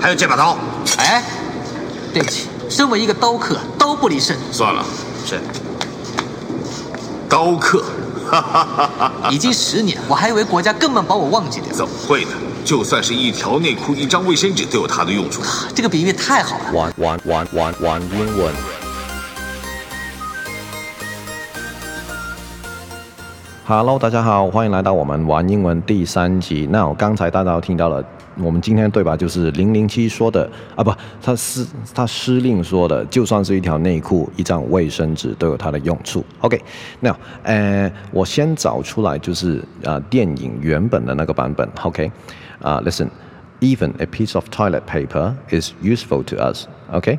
還有這把刀，哎，對不起，身為一個刀客，刀不離身。算了，是，刀客，哈哈哈！已經十年，我還以為國家根本把我忘記掉。怎麼會呢？就算是一條內褲、一張衛生紙都有它的用處。這個比喻太好了。玩玩玩玩玩英文。Hello，大家好，歡迎來到我們玩英文第三集。那我剛才大家都聽到了。我們今天對白就是凌凌漆說的啊，不，他師他師令說的，就算是一條內褲，一張衛生紙都有它的用處。OK，now，呃，我先找出來就是啊，uh, 電影原本的那個版本。OK，啊，Listen，even a piece of toilet paper is useful to us。OK。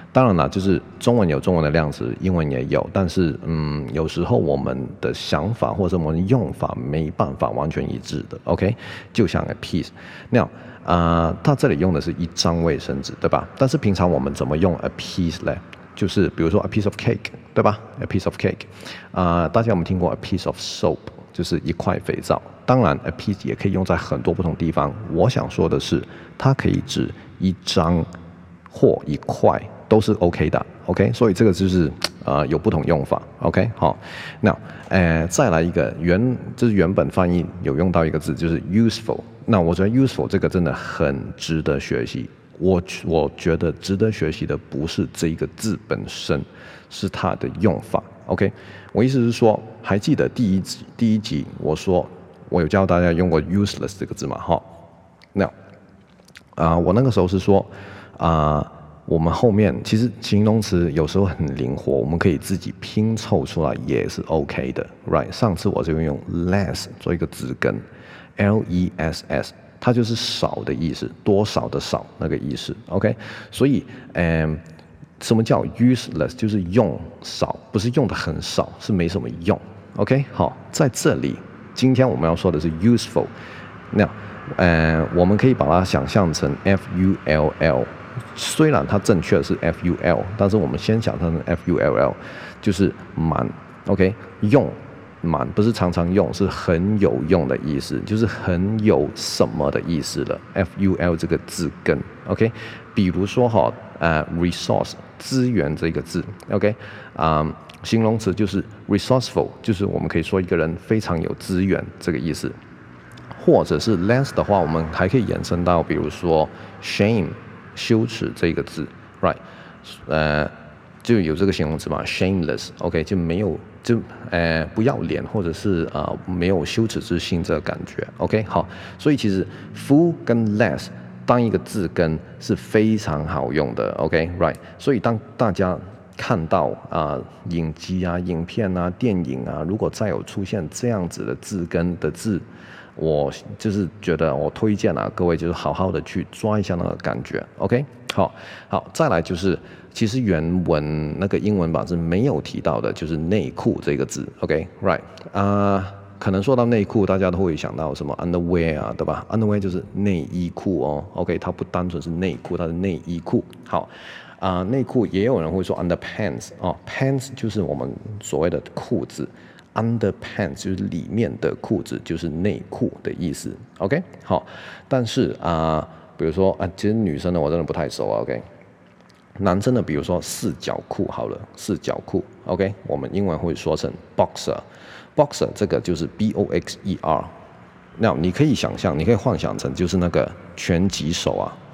當然了，就是中文有中文的量詞，英文也有，但是嗯，有時候我們的想法或者我們的用法沒辦法完全一致的，OK？就像 a piece，那啊、呃，它這裡用的是一張衛生紙，對吧？但是平常我們怎麼用 a piece 呢？就是比如說 a piece of cake，對吧？a piece of cake，啊、呃，大家有沒有聽過 a piece of soap，就是一塊肥皂。當然，a piece 也可以用在很多不同地方。我想說的是，它可以指一張或一塊。都是 OK 的，OK，所以這個就是呃有不同用法，OK 好，那呃再來一個原就是原本翻譯有用到一個字，就是 useful。那我覺得 useful 這個真的很值得學習。我我覺得值得學習的不是這一個字本身，是它的用法，OK。我意思是說，還記得第一集第一集我說我有教大家用過 useless 這個字嘛？好，那啊、呃、我那個時候是說啊。呃我們後面其實形容詞有時候很靈活，我們可以自己拼湊出來也是 OK 的，right？上次我這邊用 less 做一個詞根，L-E-S-S，它就是少的意思，多少的少那個意思，OK？所以，嗯、呃，什麼叫 useless？就是用少，不是用的很少，是沒什麼用，OK？好，在這裡，今天我們要說的是 useful，那，嗯、呃，我們可以把它想象成 F-U-L-L。U L L, 雖然它正確是 F U L，但是我們先想它的 F U L L，就是滿，OK，用滿不是常常用，是很有用的意思，就是很有什麼的意思的 F U L 這個字根，OK，比如說哈、哦，呃，resource 資源這個字，OK，啊、呃，形容詞就是 resourceful，就是我們可以說一個人非常有資源這個意思，或者是 l e s s 的話，我們還可以延伸到比如說 shame。羞恥這個字，right，呃，就有這個形容詞嘛，shameless，OK，、okay, 就沒有就呃不要臉或者是啊、呃、沒有羞恥之心這個感覺，OK，好，所以其實 ful 跟 less 當一個字根是非常好用的，OK，right，、okay, 所以當大家看到啊、呃、影集啊影片啊電影啊，如果再有出現這樣子的字根的字。我就是覺得我推薦了、啊、各位，就是好好的去抓一下那個感覺，OK？好，好再來就是，其實原文那個英文版是沒有提到的，就是內褲這個字，OK？Right？啊，okay? right. uh, 可能說到內褲，大家都會想到什麼 underwear 啊，對吧？Underwear 就是內衣褲哦，OK？它不單純是內褲，它是內衣褲。好，啊、uh,，內褲也有人會說 underpants 哦、uh,，pants 就是我們所謂的褲子。Underpants 就是裡面的褲子，就是內褲的意思，OK？好，但是啊、呃，比如說啊，其、呃、實女生呢，我真的不太熟、啊、，OK？男生呢，比如說四角褲，好了，四角褲，OK？我們英文會說成 boxer，boxer 這個就是 B-O-X-E-R，那你可以想象，你可以幻想成就是那個拳擊手啊。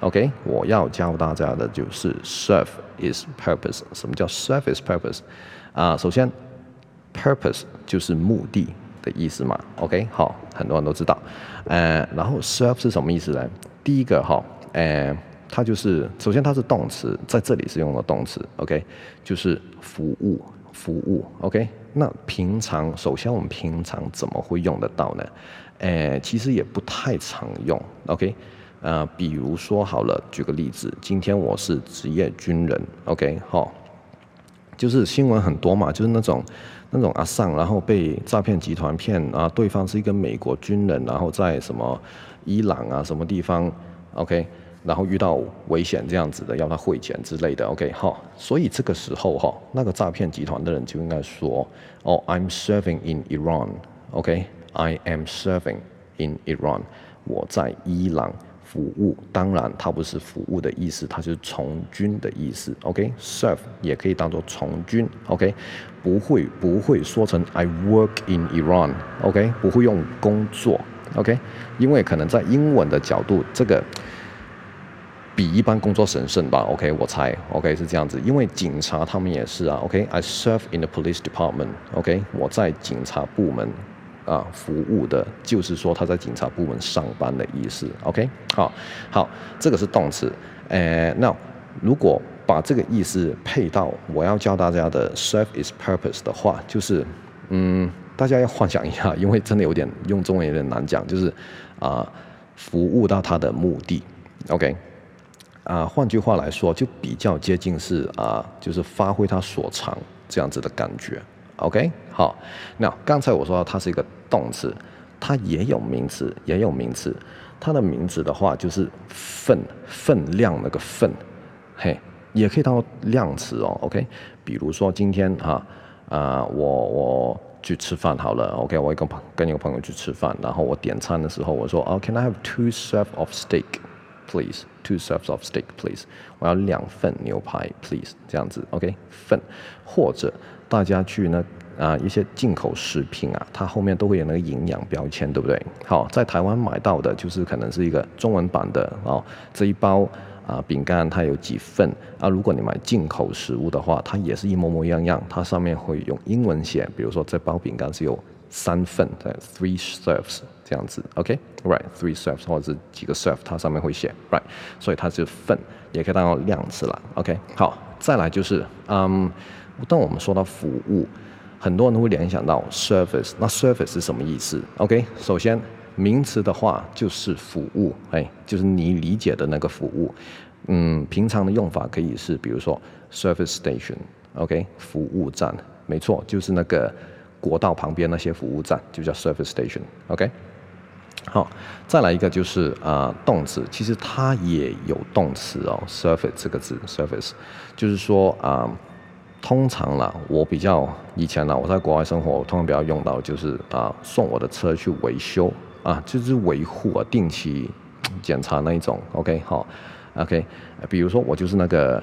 OK，我要教大家的就是 serve its purpose。什麼叫 serve its purpose？啊，首先 purpose 就是目的的意思嘛。OK，好，很多人都知道。呃，然後 serve 是什麼意思呢？第一個哈，呃，它就是，首先它是動詞，在這裡是用的動詞。OK，就是服務，服務。OK，那平常，首先我們平常怎麼會用得到呢？呃，其實也不太常用。OK。啊、呃，比如說好了，舉個例子，今天我是職業軍人，OK，好、哦，就是新聞很多嘛，就是那種那種阿桑，然後被詐騙集團騙啊，對方是一個美國軍人，然後在什麼伊朗啊什麼地方，OK，然後遇到危險這樣子的，要他匯錢之類的，OK，好、哦，所以這個時候哈、哦，那個詐騙集團的人就應該說，哦，I'm serving in Iran，OK，I、okay? am serving in Iran，我在伊朗。服務，當然它不是服務的意思，它是從軍的意思。OK，serve、okay? 也可以當做從軍。OK，不會不會說成 I work in Iran。OK，不會用工作。OK，因為可能在英文的角度，這個比一般工作神聖吧。OK，我猜。OK 是這樣子，因為警察他們也是啊。OK，I、okay? serve in the police department。OK，我在警察部門。啊，服務的，就是說他在警察部門上班的意思，OK？好，好，這個是動詞。誒，那如果把這個意思配到我要教大家的 “serve its purpose” 的話，就是，嗯，大家要幻想一下，因為真的有點用中文有點難講，就是啊，服務到他的目的，OK？啊，換句話來說，就比較接近是啊，就是發揮他所長這樣子的感覺。OK，好，那剛才我說到它是一個動詞，它也有名詞，也有名詞。它的名詞的話就是份份量那個份，嘿、hey，也可以當做量詞哦。OK，比如說今天哈，啊，呃、我我去吃飯好了。OK，我一個朋跟一個朋友去吃飯，然後我點餐的時候我說，哦、啊，Can I have two serve of steak？Please, two serves of steak, please，我要兩份牛排 please，這樣子 OK 份，或者大家去呢啊一些進口食品啊，它後面都會有那個營養標籤，對不對？好，在台灣買到的就是可能是一個中文版的哦，這一包啊餅乾它有幾份啊。如果你買進口食物的話，它也是一模模樣樣，它上面會用英文寫，比如說這包餅乾是有。三份，對，three serves 這樣子，OK，right，three、okay? serves 或者是幾個 serve，它上面會寫，right，所以它就是份，也可以當量詞啦，OK，好，再來就是，嗯，當我們說到服務，很多人會聯想到 service，那 service 是什麼意思？OK，首先名詞的話就是服務，哎、欸，就是你理解的那個服務，嗯，平常的用法可以是比如說 service station，OK，、okay? 服務站，沒錯，就是那個。國道旁邊那些服務站就叫 service station，OK，、okay? 好，再來一個就是啊、呃、動詞，其實它也有動詞哦 service 這個字 service 就是說啊、呃，通常啦，我比較以前啦，我在國外生活，我通常比較用到就是啊、呃、送我的車去維修啊，就是維護啊，定期檢查那一種，OK，好，OK，比如說我就是那個。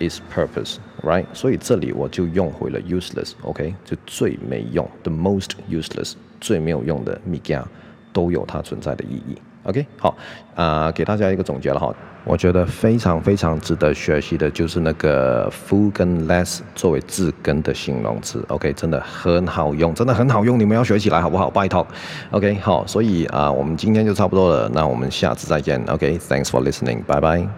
Its purpose, right? 所以這裡我就用回了 useless, OK? 就最沒用 the most useless, 最沒有用的物件、啊、都有它存在的意義，OK? 好，啊、呃，給大家一個總結了哈、哦。我覺得非常非常值得學習的就是那個 full 跟 less 作為字根的形容詞，OK? 真的很好用，真的很好用，你們要學起來好不好？拜託，OK? 好，所以啊、呃，我們今天就差不多了，那我們下次再見，OK? Thanks for listening, 拜拜。